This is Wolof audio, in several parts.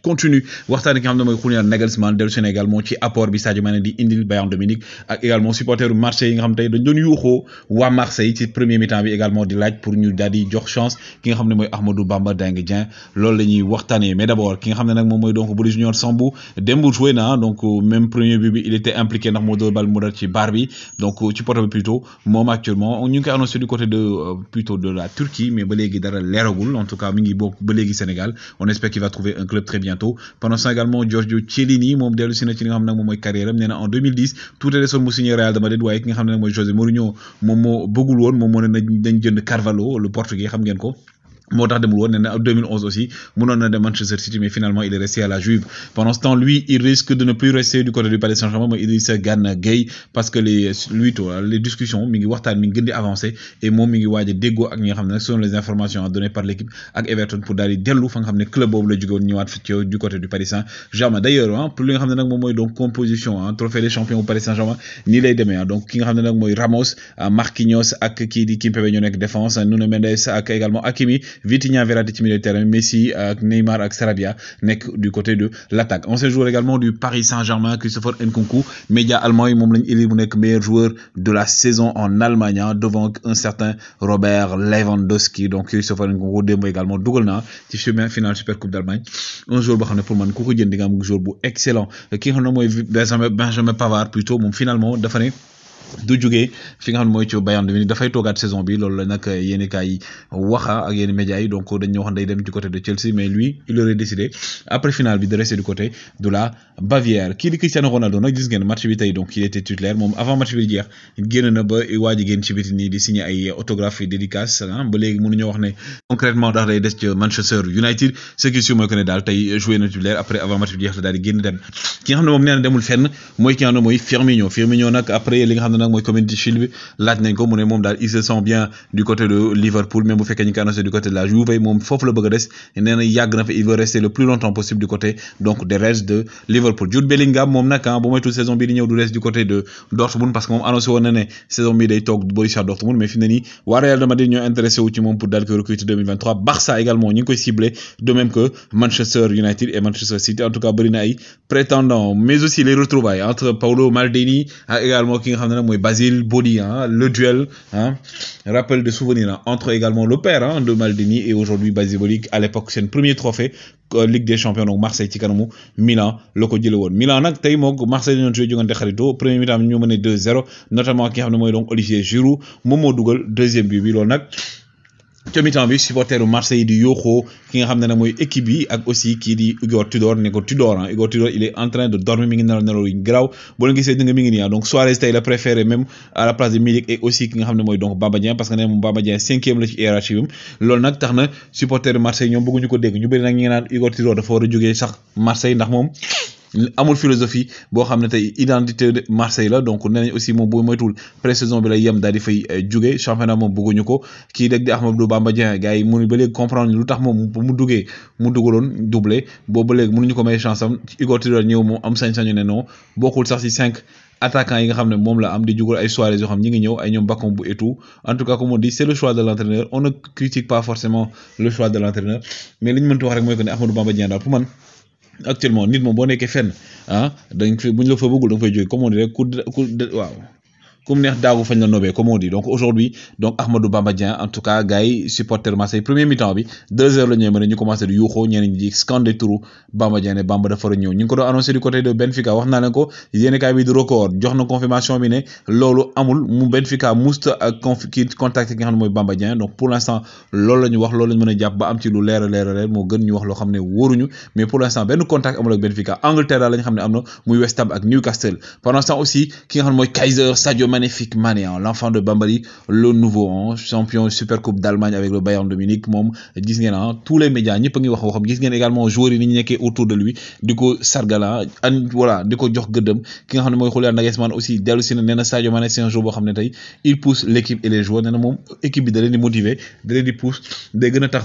continue waxtaan ki nga xam ne mooy Julian Nagelsmann dellu seen également ci apport bi Sadio Mané di indi Bayern de ak également supporteru Marseille yi nga xam tay dañ doon yuuxoo wa Marseille ci premier mi-temps bi également di laaj pour ñu daal di jox chance ki nga xam ne mooy Ahmadou Bamba Dieng Dieng loolu la ñuy waxtaanee mais d' abord ki nga xam ne nag moom mooy donc Boris Junior Sambou démb joué na donc euh, même premier but bi il était impliqué ndax moo doon bal mu dal ci baar bi donc euh, ci poto bi plutôt moom actuellement ñu ngi koy annoncé du côté de euh, plutôt de la Turquie mais ba léegi dara leeragul en tout cas mi ngi bokk ba léegi Sénégal on espère qu'il va trouver un club très bientôt pendant ça également Giorgio Cellini Mon de carrière en 2010 est sur signé Real de Madrid José Mourinho Carvalho le portugais xam moo tax demul woon nee na 2011 aussi mënoon na dem Manchester City mais finalement il est resté à la Juve pendant ce temps lui il risque de ne plus rester du côté du Paris Saint-Germain Mais il se gagne Gueye parce que les lui les discussions mi ngi waxtaan mi ngi gën avancé et moom mi ngi waaj a déggoo ak ñi nga selon les informations données par l'équipe ak Everton pour daal di dellu fa nga club boobu la jóge ñëwaat du côté du Paris Saint-Germain d'ailleurs hein, pour li nga xam ne nag moom donc composition hein trophée des champions au Paris Saint-Germain nii lay demee hein. donc ki nga xam ne Ramos hein, Marquinhos ak kii di Kimpembe ñoo défense Nuno Mendes ak également Hakimi Vitinha Verratti ci milieu de Messi euh, Neymar et Sarabia que du côté de l'attaque On se joue également du Paris Saint-Germain Christopher Nkunku média allemand et moom il il le meilleur joueur de la saison en Allemagne hein, devant un certain Robert Lewandowski donc Christopher Nkunku démo également dougalna na ci finale finale Super Coupe d'Allemagne On joueur bah pour man ku jënd joueur excellent qui nga xam jamais Benjamin Pavard plutôt finalement Daphne, du jugé fi nga xam ne mooy ci Bayern de Munich dafay toogaat saison bi loolu la nag yéen kaay waxa ak yéen média yi donc dañ ñoo wax day dem du côté de Chelsea mais lui il aurait décidé après finale bi de rester du côté de la Bavière kii di Cristiano Ronaldo nag gis ngeen match bi tey donc il était titulaire moom avant match bi jeex génn na ba waa ji génn ci biti nii di signé ay autographes et dédicace ah ba léegi mënuñoo wax ne concrètement ndax day des ci Manchester United ce qui est sûr mooy que ne daal tey joué na titulaire après avant match bi jeex la daal di génn dem ki nga xam ne moom nee na demul fenn mooy ki nga xam ne mooy Firmino Firmino nag après li nga xam ne nak moy Community ko il se sent bien du côté de Liverpool même bu fekkee ñu ko du côté de la Juve moom foofu la bëgg na il veut rester le plus longtemps possible du côté donc des restes de Liverpool Jude Bellingham moom nag ah bu plus tout saison bi du du côté de Dortmund parce que moom annoncé woon na ne saison bi day toog Borussia Dortmund mais finalement, mu Real Madrid ñoo intéressé wu pour le recrutement recruter 2023 Barça également ñu ngi koy ciblé de même que Manchester United et Manchester City en tout cas bëri prétendant mais aussi les retrouvailles entre Paolo Maldini et ah, également ki nga xam Basile Boli hein, le duel hein, rappel de souvenirs hein, entre également le père de Maldini et aujourd'hui Basile Boli à l'époque c'est le premier trophée euh, Ligue des champions donc Marseille ci Milan le ko Milan nag Marseille, Marseille dañoo joué jogante kharito premier mi-temps 2-0 notamment ki Olivier Giroud Momo Dougal, deuxième but, Milan ca mi-temps bi supporteru Marseille yi di yooxoo ki nga xam na moy équipe bi ak aussi ki di Igor Tudor ne ko Tudor ah Igor Tudor il est en train de dormir mi ngi nelaw nelaw yu graw bo leen gisee di nga mi ngi nii ah donc Suarez tey la préféré même à la place de Milik et aussi ki nga xam moy donc Baba Dieng parce que mo Baba Bamba 5 cinquième la ci hiérarchie bi loolu nag tax na supporteru Marseille ñoom bëgguñu ko dégg ñu bari nak ñi ngi naan Igor Tudor dafa war a jógee sax Marseille ndax mom amul philosophie bo xam tay identité de Marseille la donc nee aussi mom bu moytul pré-saison bi lay yem dal di fay euh, championnat mom bëgguñu ko ki rek di Ahmadou Bamba Dieng gars yi mënuñ balé comprendre lutax mom mu duggé mu dugaloon doublé bo balé léegi mënuñu ko may chance am Igor Tudor ñew mom am sañ-sañu ne non sax ci 5 attaquant yi nga xam mom la am di jugal ay soirée yo xam ñi ngi ñew ay ñom bakkom bu et en tout cas comme on dit c'est le choix de l'entraîneur on ne critique pas forcément le choix de l'entraîneur mais liñ ñu wax rek moy que ne Bamba Dieng daal pour man actuellement nit moom boo nekkee fenn ah dañ fa bu ñu la fa bëggul da jóge comme on dirait ku waaw comme neex daagu fañ la nobé comme on dit donc aujourd'hui donc Ahmadou Bambadian en tout cas gars supporter Marseille premier mi-temps bi 2h la ñooy mëna ñu commencé di yuxo ñeneen di scandé turu Bamba Dieng Bamba dafa war a ñëw ñu ko do annoncer du côté de Benfica wax na leen ko yéen kaay bi du record jox na confirmation bi né lolu amul mu Benfica musta ak contact ki contacté ki nga xam ne mooy donc pour l'instant lolu lañu wax lolu lañu mëna japp ba am ci lu léra léra léra mo gën ñu wax lo xamné woruñu mais pour l'instant benn contact amul ak Benfica Angleterre lañu xamné amna xam muy West Ham ak Newcastle pendant ce aussi ki nga xam ne Kaiser Sadio magnifique manière hein. l'enfant de Bambali le nouveau hein champion super coupe d'Allemagne avec le Bayern de Munich Disney, gis hein, tous les médias ni a ngi wax waxam gis ngeen également joueurs yi ñi autour de lui du coup sargala hein, an voilà diko jox gëddëm ki nga xam ne mooy Julian Nagelsmann aussi dellu si na Sadio Mané c'est un joueur boo il pousse l'équipe et les joueurs nee mom équipe bi da leen di motiver da leen pousse day gëna tax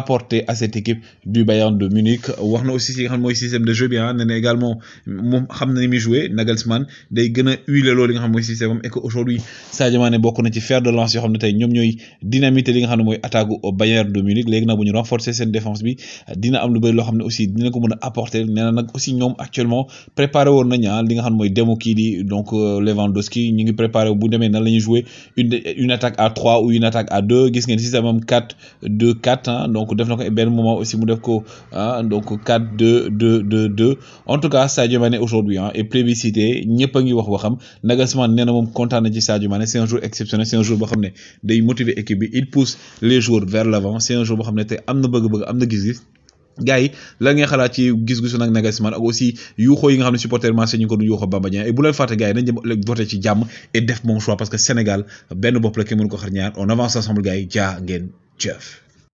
apporté à cette équipe du Bayern de Munich wax aussi si nga xam système de jeu bien. ah a également xam na ni joué Nagelsmann day a huiler loolu li nga xam système et que aujourd'hui Sadio Mané bokk na ci fer de lance yoo xam ne tey ñoom ñooy dynamité li nga xam attaque au Bayern de Munich léegi nag bu renforcer seen défense bi dina am lu bëri aussi dina ko a apporter nee na aussi ñoom actuellement préparé woon nañu ah li nga xam ne di donc euh, Lewandowski ñu ngi préparé bu demee nan la ñuy jouer une une attaque à 3 ou une attaque à 2 gis ngeen système am 4 2 4 donc donc def na ko benn moment aussi mu def ko ah, donc 4 2 2 2 en tout cas Sadio Mané aujourd'hui hein, et plébiscité ñëpp a ngi wax waxam Nagelsmann nee na moom na ci Sadio Mané c'est un jour exceptionnel c'est un jour boo xam ne day motiver équipe bi il pousse les joueurs vers l'avant c'est un jour boo xam ne te am na bëgg-bëgg am na gis-gis gars yi la ngay xalaat ci gis-gisu nag Nagelsmann ak aussi yuuxoo yi nga xam ne supporter Marseille ñu ko doon yuuxoo Bamba et bu leen fàtte gars yi nañ dem voté ci jàmm et def bon choix parce que Sénégal benn bopp la kenn mënu ko xar ñaar on avance ensemble gars yi jaa ngeen jëf